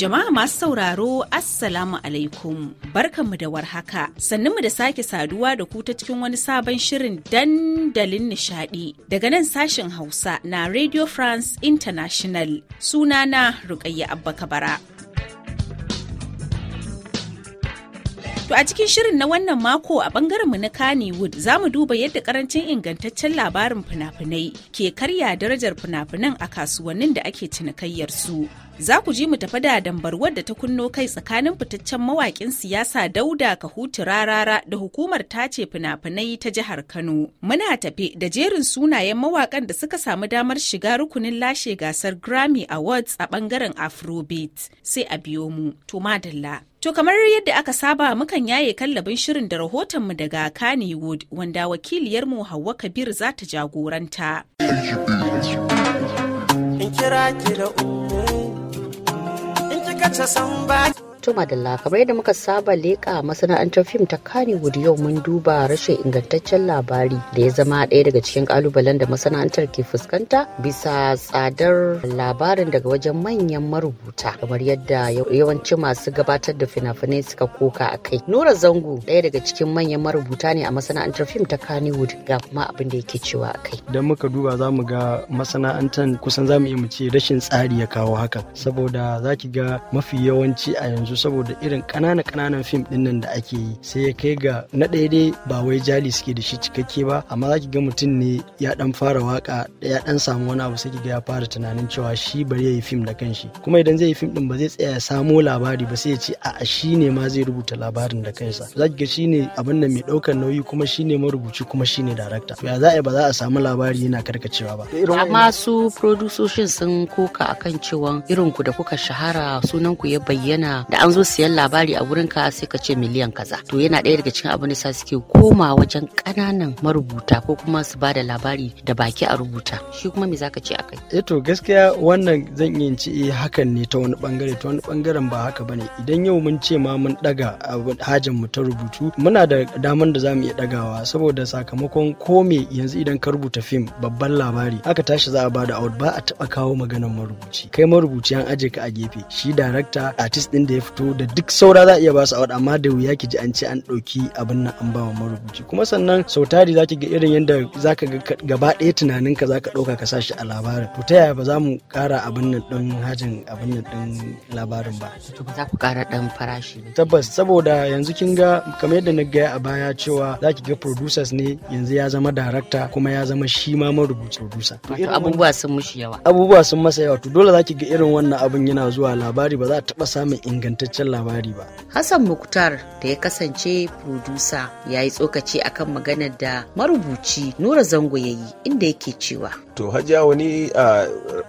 Jama'a masu sauraro Assalamu alaikum barkanmu da warhaka sannunmu da sake saduwa da ku ta cikin wani sabon shirin dandalin nishadi daga nan sashen Hausa na Radio France International sunana Rukayya Abba Kabara. To a cikin shirin na wannan mako a bangaren mu na Kannywood za mu duba yadda karancin ingantaccen labarin finafinai ke karya darajar finafinan a kasuwannin da ake cinikayyar su. Za ku ji mu tafi da dambarwar da ta kunno kai tsakanin fitaccen mawaƙin siyasa Dauda Kahutu Rarara da hukumar tace fina-finai ta jihar Kano. Muna tafe da jerin sunayen mawaƙan da suka samu damar shiga rukunin lashe gasar Grammy Awards a bangaren Afrobeat. Sai a biyo mu. To madalla. To kamar yadda aka saba mukan yaye kallabin shirin da rahotonmu daga Kannywood wanda wakiliyarmu Hauwa Kabir za ta jagoranta. In kira ki da in kika san Tuma Dalla kamar yadda muka saba leƙa masana'antar fim ta Kannywood yau mun duba rashin ingantaccen labari da ya zama ɗaya daga cikin kalubalen da masana'antar ke fuskanta bisa tsadar labarin daga wajen manyan marubuta kamar yadda yawanci masu gabatar da fina-finai suka koka a kai. Nura Zango ɗaya daga cikin manyan marubuta ne a masana'antar fim ta Kannywood ga kuma abin da yake cewa a kai. Idan muka duba za mu ga masana'antar kusan za mu iya mu ce rashin tsari ya kawo haka saboda za ki ga mafi yawanci a yanzu yanzu saboda irin ƙananan ƙananan fim ɗin nan da ake yi sai ya kai ga na ɗaya dai ba wai jali suke da shi cikakke ba amma za ki ga mutum ne ya ɗan fara waka ya ɗan samu wani abu sai ki ga ya fara tunanin cewa shi bari ya yi fim da kanshi kuma idan zai yi fim ɗin ba zai tsaya ya samo labari ba sai ya ce a'a shi ne ma zai rubuta labarin da kansa za ki ga shi ne abin nan mai ɗaukar nauyi kuma shi ne marubuci kuma shi ne darakta ya za a ba za a samu labari yana karkacewa ba. amma su producers sun koka akan cewa irin ku da kuka shahara sunan ku ya bayyana da an zo siyan labari a wurin ka sai ka ce miliyan kaza to yana ɗaya daga cikin abin da sa suke koma wajen ƙananan marubuta ko kuma su ba da labari da baki a rubuta shi kuma me zaka ce akai eh to gaskiya wannan zan yi ci eh, hakan ne ta wani bangare ta wani bangaren ba haka bane idan yau mun ce ma mun daga hajin mu ta rubutu muna da damar da zamu iya dagawa saboda sakamakon ko me yanzu idan ka rubuta fim babban labari Haka tashi za a bada out ba a taba kawo maganar marubuci kai marubuci an aje ka a gefe shi darakta artist din da ya to da duk saura za a iya ba su award amma da wuya ki ji an ce an ɗauki abin nan an ba wa marubuci kuma sannan sau tari za ki ga irin yadda za ka gaba ɗaya tunanin ka za ka ɗauka ka sashi a labarin to ta yaya ba za mu ƙara abin nan ɗin hajin abin nan ɗin labarin ba. to ba za ku ƙara ɗan farashi. tabbas saboda yanzu kin ga kamar yadda na gaya a baya cewa za ki ga producers ne yanzu ya zama director kuma ya zama shi ma marubuci producer. abubuwa sun mushi yawa. abubuwa sun masa yawa to dole za ki ga irin wannan abin yana zuwa labari ba za a taɓa samun inganta ingantaccen labari ba. Hassan Muktar da ya kasance produsa ya yi tsokaci akan maganar da marubuci Nura Zango ya yi inda yake cewa. to hajiya wani a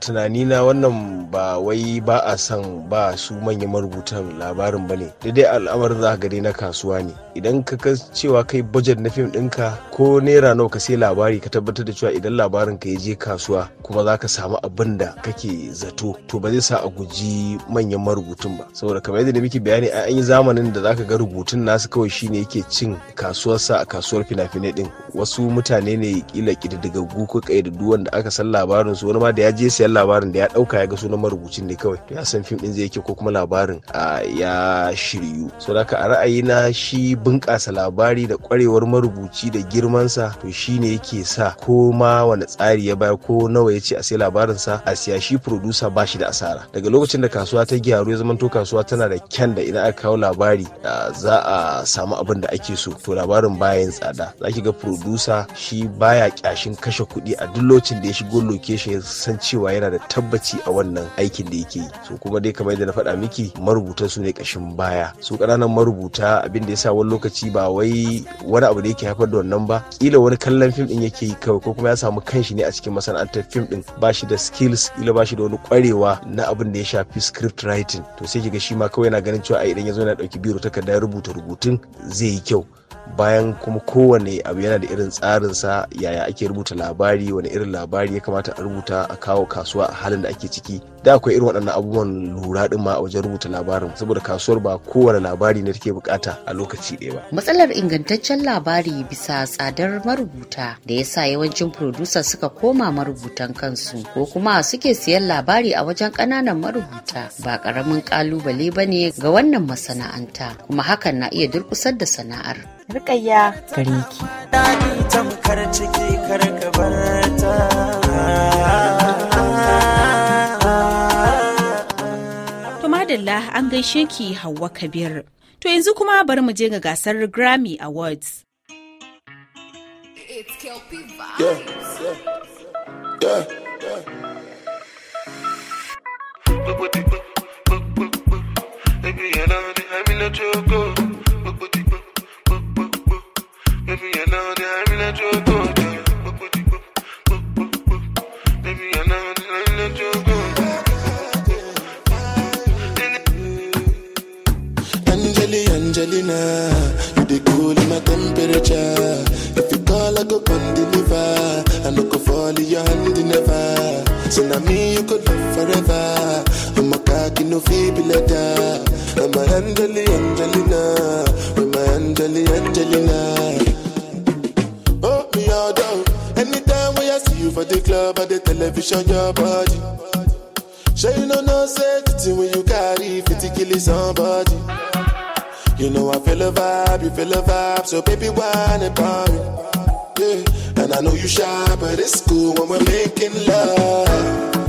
tunani na wannan ba wai ba a san ba su manyan marubutan labarin ba ne daidai al'amarin za gari na kasuwa ne idan ka cewa kai budget na fim ɗinka ko naira nawa ka sai labari ka tabbatar da cewa idan labarin ka ya je kasuwa kuma za ka samu abin da kake zato to ba zai sa a guji manyan marubutun ba saboda kamar yadda muke bayani an yi zamanin da za ka ga rubutun nasu kawai shine yake cin kasuwarsa a kasuwar fina-finai din wasu mutane ne kila kididdigaggu ko kaidaddu wanda aka san labarin su wani ma da ya je siyan labarin da ya dauka ya ga sunan marubucin ne kawai ya san fim din zai yake ko kuma labarin a ya shiryu so ka a na shi bunƙasa labari da kwarewar marubuci da girmansa to shine yake sa ko ma wani tsari ya bayar ko nawa ya ce a sai sa a siya shi producer ba shi da asara daga lokacin da kasuwa ta gyaru ya zamanto kasuwa tana da kyan da idan aka kawo labari za a samu abin da ake so to labarin bayan tsada zaki ki ga producer shi baya kyashin kashe kuɗi a duk lokacin da ya shigo location ya san cewa yana da tabbaci a wannan aikin da yake yi so kuma dai kamar yadda na faɗa miki marubutan su ne kashin baya su ƙananan marubuta abin da ya sa wani lokaci ba wai wani abu da yake haifar da wannan ba kila wani kallon fim din yake yi kawai ko kuma ya samu kanshi ne a cikin masana'antar fim din ba shi da skills kila ba shi da wani kwarewa na abin da ya shafi script writing to sai kiga shi ma kawai yana ganin cewa a idan ya zo yana ɗauki biro takarda rubuta rubutun zai yi kyau bayan kuma kowane abu yana da irin tsarinsa yaya ake rubuta labari wani irin labari ya kamata a rubuta a kawo kasuwa a halin da ake ciki da akwai irin waɗannan abubuwan lura ɗin ma a wajen rubuta labarin saboda kasuwar ba kowane labari ne take bukata a lokaci ɗaya ba matsalar ingantaccen labari bisa tsadar marubuta da yasa yawancin producer suka koma marubutan kansu ko kuma suke siyan labari a wajen ƙananan marubuta ba ƙaramin ƙalubale ba ne ga wannan masana'anta kuma hakan na iya durƙusar da sana'ar rikayya gare ki. Tumadalla an gaishe ki Hauwa Kabir. To yanzu kuma bari mu je ga gasar Grammy Awards. Yeah, yeah, yeah, for the club or the television, your body. Sure you know no safety when you carry 50 killing somebody. You know I feel a vibe, you feel a vibe, so baby why not party? Yeah, and I know you shy, but it's cool when we're making love.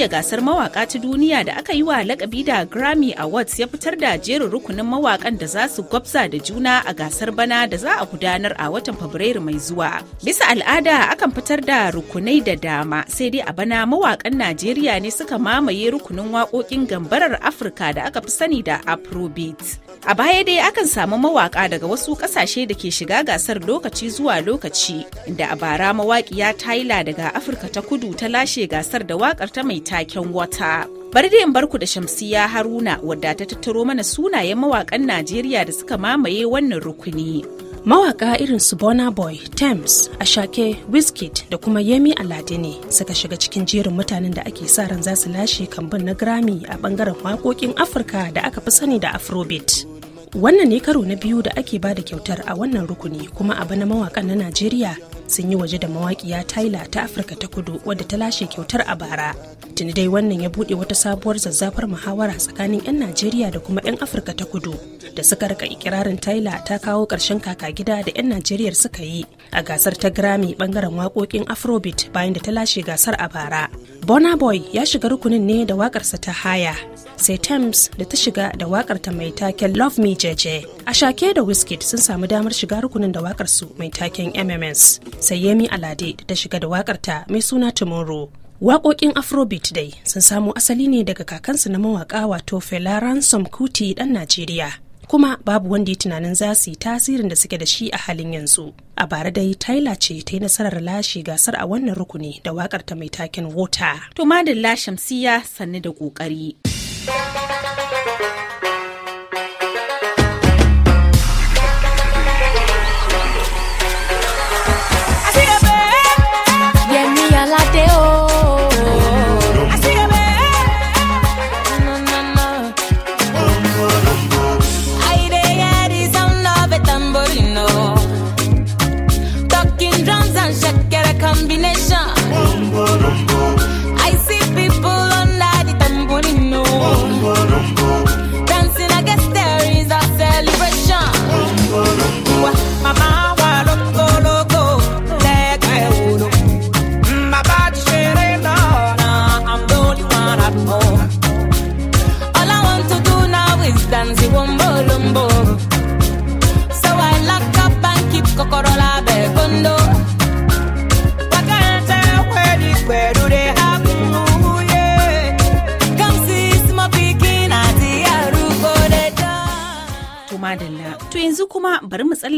shirya gasar mawaka ta duniya da aka yi wa lakabi da Grammy Awards ya fitar da jerin rukunin mawakan da za su gwabza da juna a gasar bana da za a gudanar a watan Fabrairu mai zuwa. Bisa al'ada akan fitar da rukunai da dama sai dai a bana mawakan Najeriya ne suka mamaye rukunin waƙoƙin gambarar Afirka da aka fi sani da Afrobeat. A baya dai akan samu mawaka daga wasu ƙasashe da ke shiga gasar lokaci zuwa lokaci, inda a bara mawaƙiya Tyler daga Afirka ta kudu ta lashe gasar da waƙar ta mai taken wata. Bari da yin barku da Shamsiya Haruna wadda ta tattaro mana sunayen mawakan Najeriya da suka mamaye wannan rukuni. Mawaka irin su Bona Boy, Thames, Ashake, Wizkid da kuma Yemi Alade ne suka shiga cikin jerin mutanen da ake sa ran za su lashe kambun na Grammy a ɓangaren waƙoƙin Afirka da aka fi sani da Afrobeat. wannan ne karo na biyu da ake ba da kyautar a wannan rukuni kuma abu na mawakan na najeriya sun yi waje da mawakiya tyler ta afirka ta kudu wadda ta lashe kyautar a bara tuni dai wannan ya buɗe wata sabuwar zazzafar muhawara tsakanin 'yan najeriya da kuma 'yan afirka ta kudu da suka rika ikirarin tyler ta kawo ƙarshen kaka gida da 'yan najeriya suka yi a gasar ta grammy bangaren waƙoƙin afrobeat bayan da ta lashe gasar a bara Burna Boy ya shiga rukunin ne da waƙarsa ta haya sai Thames da ta shiga da wakar ta mai taken Love Me Jeje. A shake da Wizkid sun samu damar shiga rukunin da wakar su mai taken MMS. Sai Yemi Alade da ta shiga da wakar ta mai suna Tomorrow. Waƙoƙin Afrobeat dai sun samo asali ne daga kakansu na mawaƙa wato Fela Ransom Kuti ɗan Najeriya. kuma babu wanda ya tunanin za su yi tasirin da suke da shi a halin yanzu a bara dai Tyler ce ta yi nasarar lashe gasar a wannan rukuni da wakar ta mai taken wota to madalla shamsiya sannu da kokari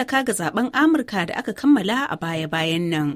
tallaka ga zaben Amurka da aka kammala a baya-bayan nan.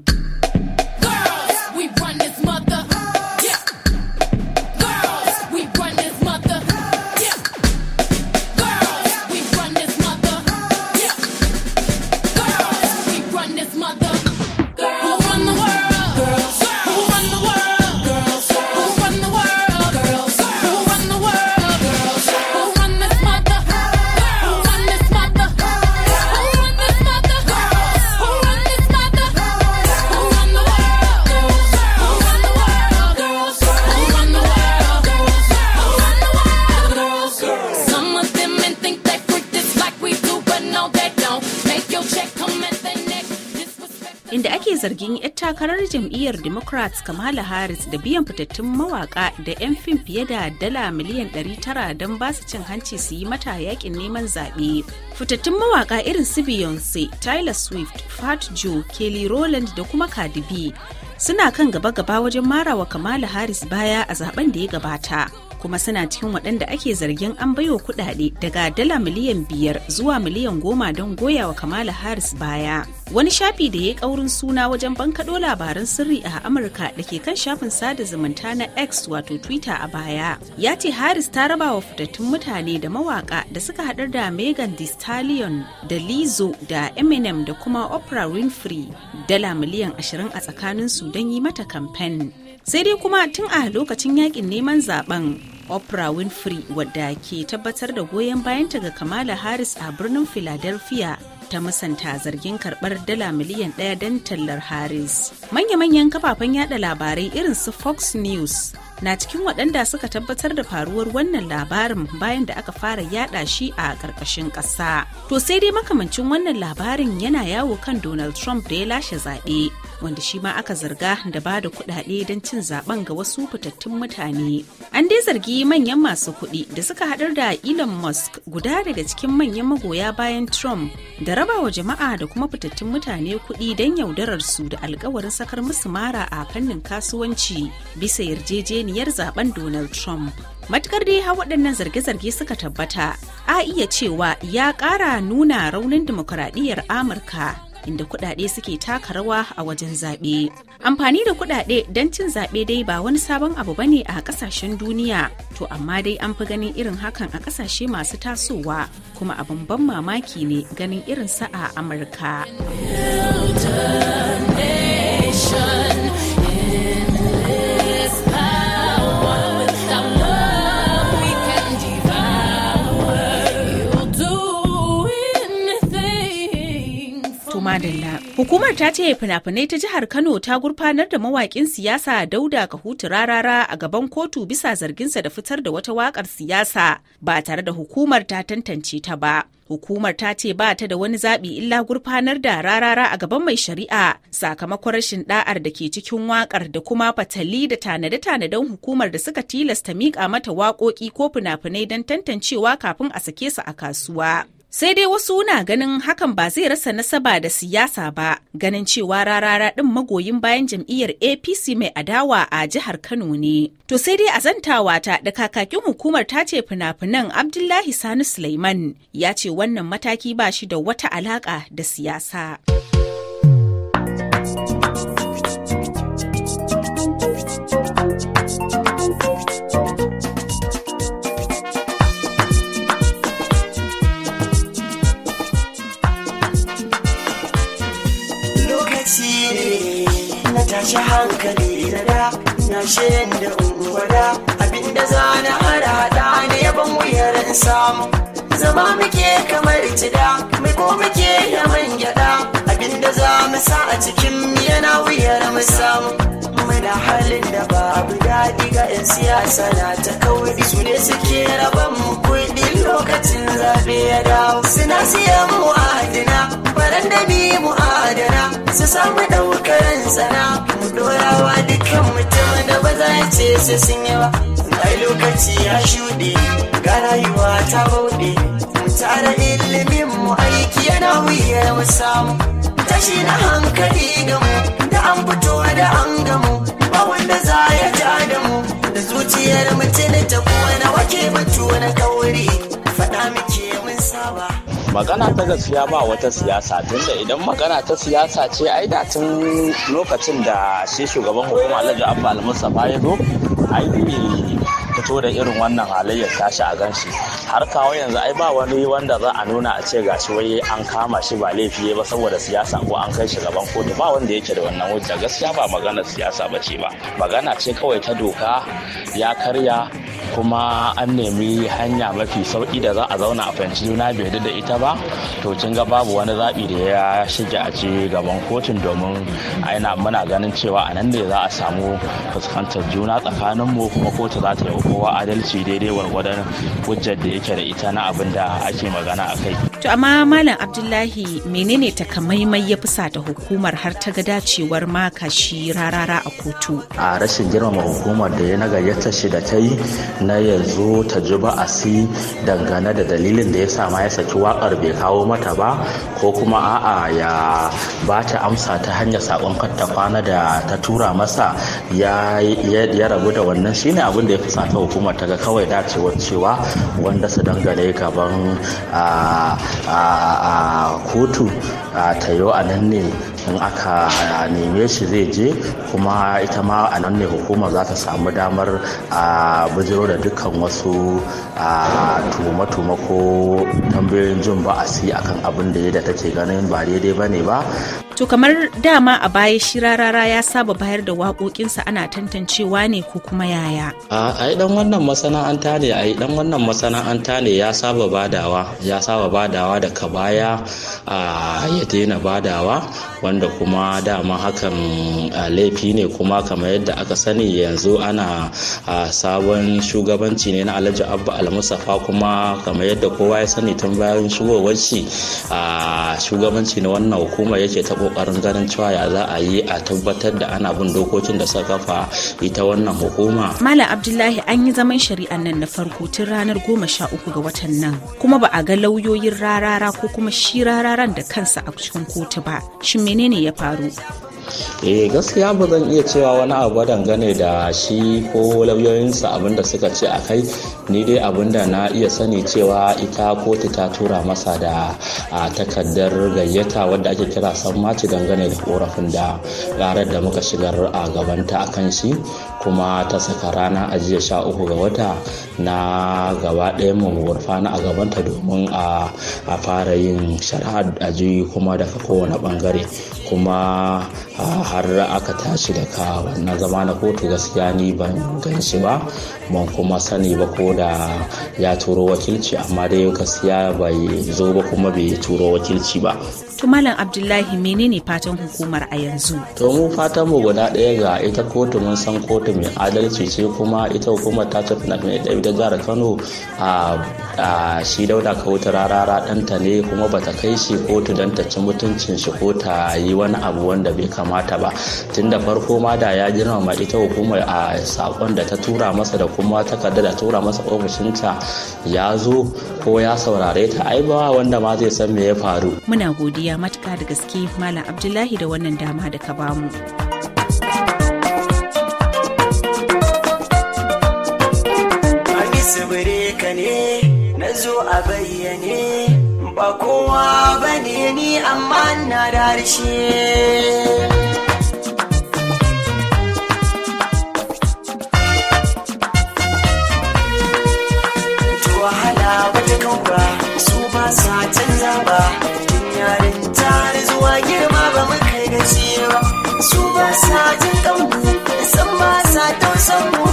ake zargin 'yan takarar jam'iyyar democrats kamala harris da biyan fitattun mawaka da 'yan fim fiye da dala miliyan 900 don basu cin hanci su yi mata yakin neman zaɓe fitattun mawaka irin su beyonce tyler swift fat joe kelly rowland da kuma cardi b suna kan gaba-gaba wajen marawa kamala harris baya a zaben da ya gabata kuma suna cikin waɗanda ake zargin an baiwa kuɗaɗe daga dala miliyan biyar zuwa miliyan goma don goya wa Kamala Harris baya. Wani shafi da ya yi ƙaurin suna wajen bankaɗo labaran sirri a Amurka da ke kan shafin sada zumunta na X wato Twitter a baya. Ya ce Harris ta raba wa fitattun mutane da mawaka da suka haɗar da Megan Thee Stallion da Lizzo da Eminem da kuma Oprah Winfrey dala miliyan ashirin a tsakaninsu don yi mata kamfen. Sai dai kuma tun a lokacin yakin neman zaben Oprah Winfrey wadda ke tabbatar da goyon bayanta ga Kamala Harris a birnin Philadelphia ta musanta zargin karbar dala miliyan ɗaya don tallar Harris. Manya-manyan kafafen yada labarai irin su Fox News na cikin waɗanda suka tabbatar da faruwar wannan labarin bayan da aka fara yada shi a ƙarƙashin ƙasa. To sai dai makamancin wannan labarin yana yawo kan Donald Trump da ya lashe zaɓe, wanda shi ma aka zarga da ba da kuɗaɗe don cin zaɓen ga wasu fitattun mutane. An dai zargi manyan masu kuɗi da suka haɗar da Elon Musk guda daga cikin manyan magoya bayan Trump da raba wa jama'a da kuma fitattun mutane kuɗi don yaudarar su da alkawarin sakar musu mara a fannin kasuwanci bisa yarjejeniyar zaben Donald Trump. Matukar dai har waɗannan zarge-zarge suka tabbata, a iya cewa ya ƙara nuna raunin dimokuraɗiyyar Amurka inda kuɗaɗe suke taka rawa a wajen zaɓe. Amfani da kuɗaɗe don cin zaɓe dai ba wani sabon abu ba ne a ƙasashen duniya, to amma dai an fi ganin irin hakan a ƙasashe masu tasowa, kuma abin ban mamaki ne ganin irin sa a Amurka. Madalla. Hukumar ta ce fina-finai ta jihar Kano ta gurfanar da mawakin siyasa Dauda Kahutu Rarara a gaban kotu bisa zarginsa da fitar da wata wakar siyasa ba tare da hukumar ta tantance ta ba. Hukumar ta ce ba ta da wani zaɓi illa gurfanar da rarara a gaban mai shari'a sakamakon rashin ɗa'ar da ke cikin wakar da kuma fatali da tanade-tanaden hukumar da suka tilasta miƙa mata waƙoƙi ko fina-finai don tantancewa kafin a sake su a kasuwa. Sai dai wasu na ganin hakan ba zai rasa nasaba da siyasa ba, ganin cewa rarara ɗin magoyin bayan jam'iyyar APC mai adawa a jihar Kano ne. To sai dai a zantawa ta da kakakin hukumar ta ce fina-finan Abdullahi Sani Suleiman ya ce wannan mataki ba shi da wata alaƙa da siyasa. karshe da ungwada abinda zana harada ne yaban wuyar samu zama muke kamar cida mai ko muke man gyaɗa abinda za mu sa a cikin yana wuyar mu samu muna halin da babu daɗi ga 'yan siyasa na ta kauri su ne suke raban mu kuɗi lokacin zaɓe ya dawo suna siyan mu adana faran da mu adana su samu daukar sana mu dorawa dukkan mutum da ba za ya ce sai sun yi ba ai lokaci ya shuɗe ga rayuwa ta bauɗe Tare mu aiki yana wuya mu tashi na hankali ga mu da an fito da an gamu ba wanda za ya ja da mu da zuciyar mutum ta kuma na wake batu na kauri faɗa muke mun saba magana ta gaskiya ba wata siyasa tunda idan magana ta siyasa ce ai da tun lokacin da shi shugaban hukuma alhaji abba al mustafa ya zo ai fito da irin wannan halayyar tashi a shi. har kawo yanzu ai ba wani wanda za a nuna a ce gashi wai an kama shi ba laifi ba saboda siyasa ko an kai shi gaban kotu ba wanda yake da wannan hujja gaskiya ba magana siyasa ba ce ba magana ce kawai ta doka ya karya kuma an nemi hanya mafi sauki da za a zauna a fahimci juna bai da ita ba to kin ga babu wani zaɓi da ya shige a ce gaban kotun domin aina muna ganin cewa a nan ne za a samu fuskantar juna tsakanin mu kuma kotu za ta yi kowa adalci daidai gwargwadon hujjar da yake da ita na abin da ake magana a kai. To amma Malam Abdullahi menene takamaimai ya fusa da hukumar har ta ga dacewar makashi rarara a kotu? A rashin girmama hukumar da ya na gayyata shi da ta yi na yanzu ta ji ba'asi dangane da dalilin da ya sa ma ya saki wakar bai kawo mata ba ko kuma a'a ya ba ta amsa ta hanyar sakon ta kwana da ta tura masa ya rabu da wannan shine abin da ya fusata hukumar ta ga kawai dacewar cewa wanda su dangane gaban kotu ta yi a nan ne in aka neme shi zai je kuma ita ma a nan ne hukuma za ta samu damar a bujiro da dukkan wasu tuma tuma ko tambayoyin jin ba a si akan abin da da take ganin ba daidai ba ne ba To kamar dama a baya shi rarara ya saba bayar da waƙoƙinsa ana tantancewa ne ko kuma yaya. A yi dan wannan masana'anta ne yi dan wannan masana'anta ne ya saba badawa ya saba badawa daga baya a ya daina badawa wanda kuma dama hakan laifi ne kuma kamar yadda aka sani yanzu ana sabon shugabanci ne na Alhaji Abba Almusafa kuma kamar yadda kowa ya sani tun bayan shigowar shi shugabanci na wannan hukuma yake ta kokarin ganin cewa ya za a yi a tabbatar da ana bin dokokin da suka kafa ita wannan hukuma malam abdullahi an yi zaman shari'an nan na farko tun ranar goma sha uku ga watan nan kuma ba a ga lauyoyin rarara ko kuma shi rararan da kansa a cikin kotu ba shin menene ya faru eh gaskiya ba zan iya cewa wani abu dangane da shi ko lauyoyinsa abinda suka ce a kai ni dai abinda na iya sani cewa ita kotu ta tura masa da takardar gayyata wadda ake kira sammaci dangane da korafin da karar da muka shigar a gabanta a kan shi kuma ta saka rana a jiya sha uku ga wata na gaba ɗayan mu gurfana a gabanta domin a fara yin shari'a a kuma daga kowane bangare kuma ah, har aka tashi da ka wannan zama na kotu gaskiya ni ban gan shi ba ban kuma sani ba ko da ya turo wakilci amma dai gaskiya bai zo ba kuma bai turo wakilci ba Tumalan abdullahi menene fatan hukumar a yanzu to mu fatan mu guda ɗaya ga ita kotu mun san kotu mai adalci ce kuma ita hukumar ta tafi na mai ɗaya jihar kano a shi dauda wuta rarara ɗanta ne kuma bata kai shi kotu don ta ci mutuncin shi ko ta yi wani abu wanda bai kamata ba Tunda farko ma da ya girmama ita hukumar a sakon da ta tura masa da kuma takardar da tura masa ofishinta ya zo ko ya saurare ta ai ba wanda ma zai san me ya faru muna godiya matuka da gaske malam abdullahi da wannan dama da ka bamu ka ne na a bayyane ba kowa ba ne ni amma na da harshe sa canza ba cikin yarin zuwa girma ba mu kai ba su ba sa jin kanmu san ba sa tausan mu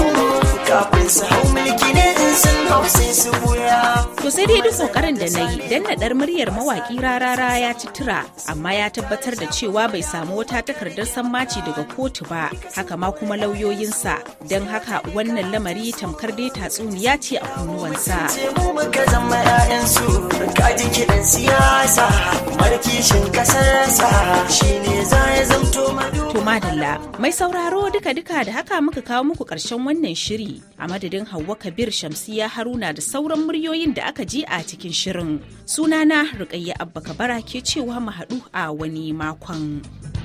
kafin su hau mulki ne in sun hau sai su buya to sai dai duk kokarin da na yi dan naɗar muryar mawaki rarara ya ci tura amma ya tabbatar da cewa bai samu wata takardar sammaci daga kotu ba haka ma kuma lauyoyinsa don haka wannan lamari tamkar dai tatsuniya ce a sa. ji siyasa markishin mai sauraro duka-duka da haka muka kawo muku ƙarshen wannan shiri a madadin Hauwa Kabir Shamsiya Haruna da sauran muryoyin da aka ji a cikin shirin. Sunana Rukayya Abba Kabara ke cewa mu haɗu a wani makon.